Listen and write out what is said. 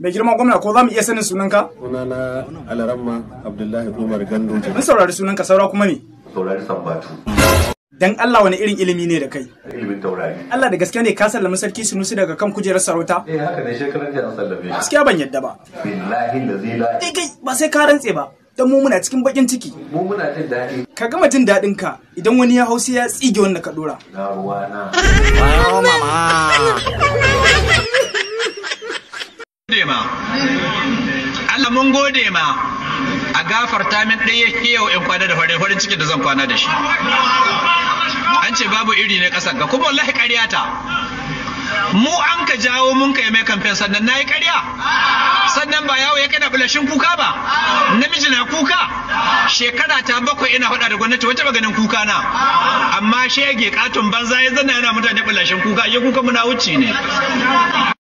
mai girman gwamna ko za mu iya sanin sunanka? sunana alaramma abdullahi umar gandu mun saurari sunanka saura kuma ne? saurari sambatu dan Allah wani irin ilimi ne da kai ilimin taurari Allah da gaskiya ne ka sallama sarki sunusi daga kan kujerar sarauta eh haka ne shekaran da an sallame gaskiya ban yadda ba billahi lazila eh kai ba sai ka rantse ba dan mu muna cikin bakin ciki mu muna jin daɗi ka gama jin daɗin ka idan wani ya hausi ya tsige wanda ka dora na ruwana mama gode ma Allah mun gode ma a gafarta min ɗaya yau in kwana da farin farin ciki da zan kwana da shi an ce babu iri ne ƙasar ga kuma wallahi ƙarya ta mu an ka jawo mun kai mai kamfen sannan na yi ƙarya sannan ba yawo ya kai na bulashin kuka ba namiji na kuka shekara ta bakwai ina faɗa da gwamnati wata ba ganin kuka na amma shege katon banza ya zana yana mutane bulashin kuka ya kuka muna wuce ne